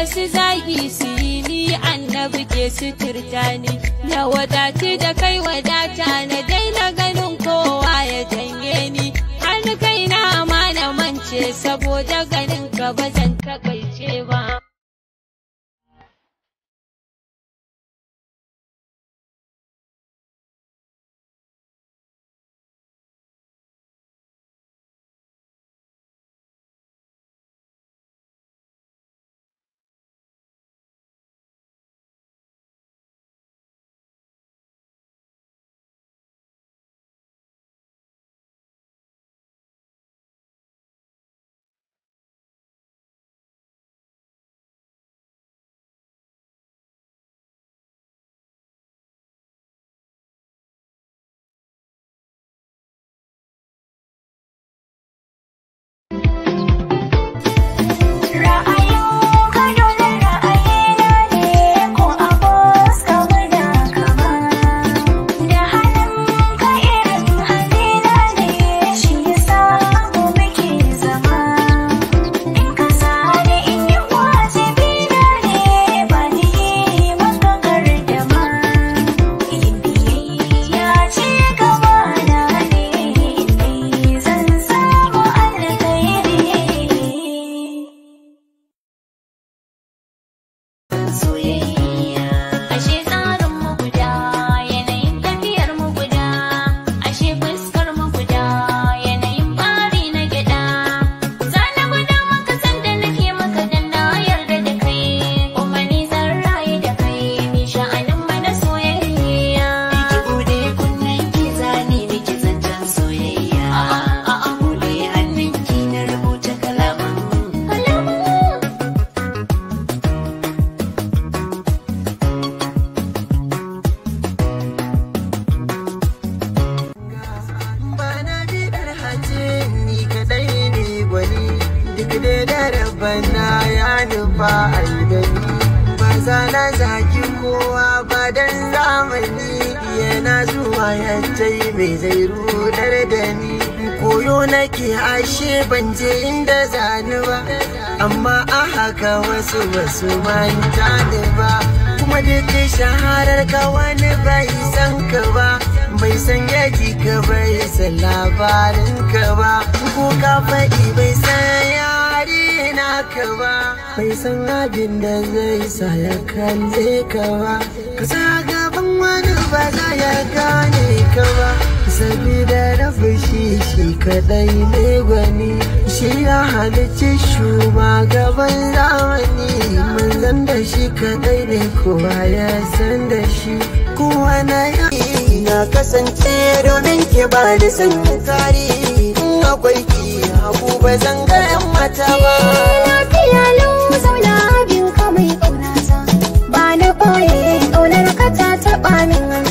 Asi zaɓi su yi ni annabi ke suturta ni, na wadati da kai wadata na daina ganin kowa ya janye ni, har kai na mana mance saboda ganin ka bazan zan takaice ba. nufa a gani ba za na zaki kowa ba dan zamani yana zuwa ya mai zai rudar da ni koyo nake ashe ban je inda zani ba amma a haka wasu wasu manta ni ba kuma duk shaharar ka wani bai san ka ba bai san yaji ka bai san labarin ka ba ko ka faɗi bai san naka ba bai san abin da zai sa ya kalle ka ba ka gaban wani ba za ya gane ka ba sabida rabu shi shi kadai ne gwani shi ya halicci shugaban zamani manzan da shi kadai ne kowa ya san da shi kowa na yi na kasance domin ki ba da san tarihi akwai ki haku ba zan ga yan mata ba ba na ƙaunar ka ta taɓa min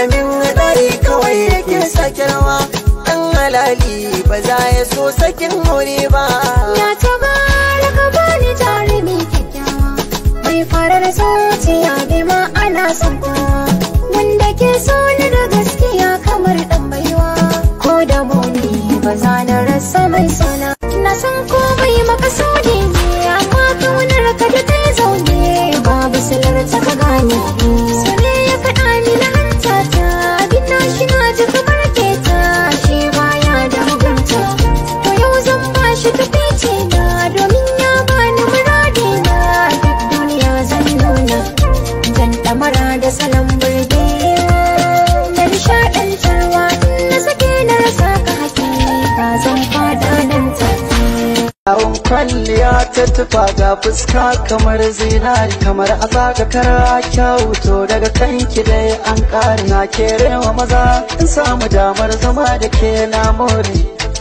amin ɗari kawai yake sakinwa ɗan halali ba za ya so sakin aure ba ya ta da ka bani jarumi kyakkyawa mai farar zuciya ne ma ana son kowa wanda ke so ni da gaskiya kamar ɗan baiwa ko da muni ba za na rasa mai sona na san komai maka so siffa ga fuska kamar zinari kamar a zaga kara kyau to daga kanki dai an ƙari na ke maza in samu damar zama da ke na more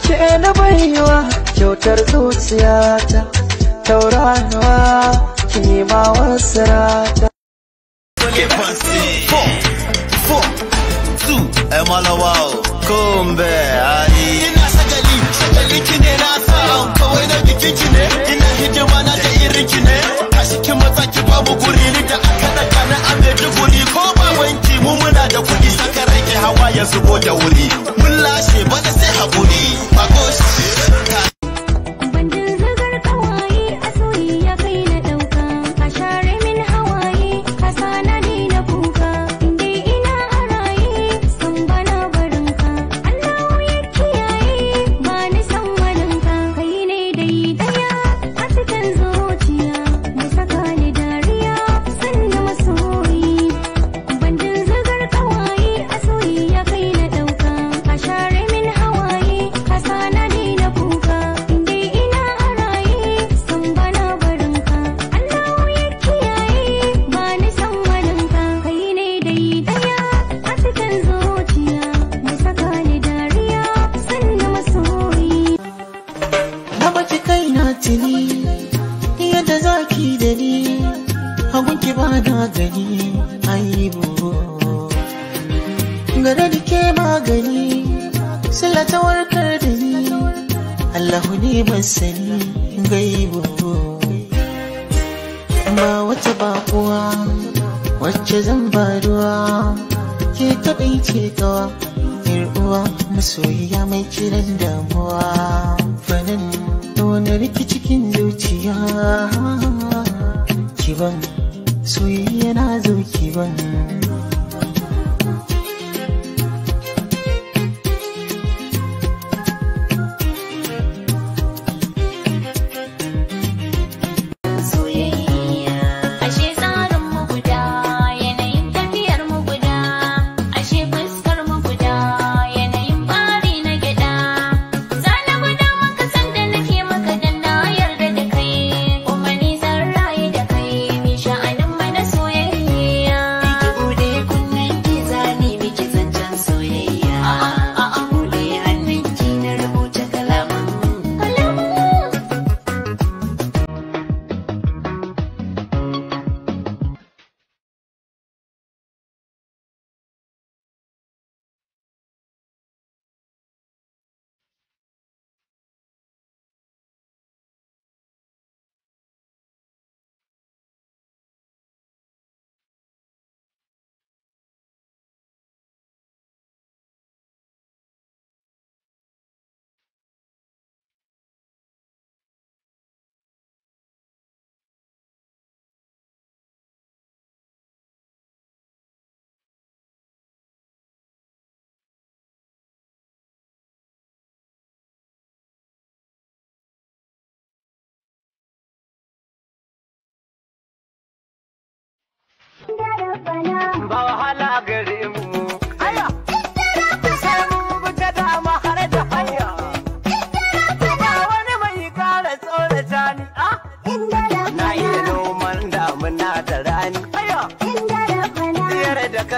ke na baiwa kyautar zuciyata kini ma wasu rata Emalawa kombe ali ina sagali sagali kine na sa kawai na biki kine ki ne a cikin matsaki babu guri da aka daga na abeji guri ko ba wanki mu muna da kuɗi saka rage hawa ya zubo wuri mun lashe bana sai hakuri masanin gaibu ba wata bakuwa wacce zan baruwa ke taɓin cetawa uwa masoyiya mai kiran damuwa fanin wani riki cikin zuciya kiban soyayya na zauki ban.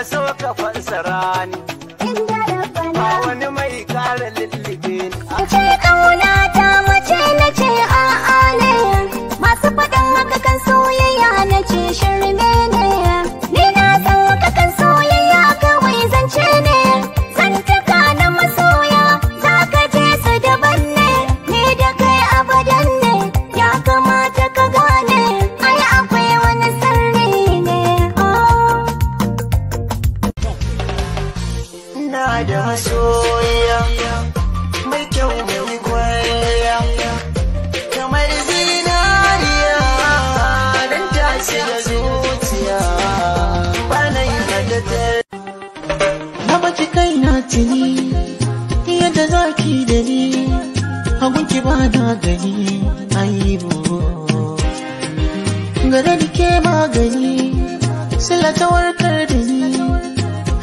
so ka da soyayya mai kyau mai kwalliya kamar zinariya don ta ce da zuciya ba na da ta na baki kai na tuni yadda za ki da ni hagunki ba da gani aibu gare da ke magani sila ta warkar da ni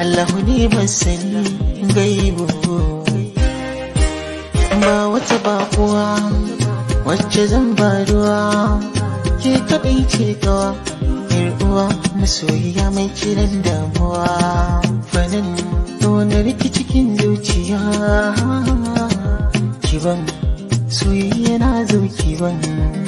Allahu ne ban sani gaibu ba wata bakuwa wacce zan baruwa ke kaɗai ce gawa uwa masoyiya mai kiran damuwa fanin wani rikici cikin zuciya kiban soyayya na zo kiban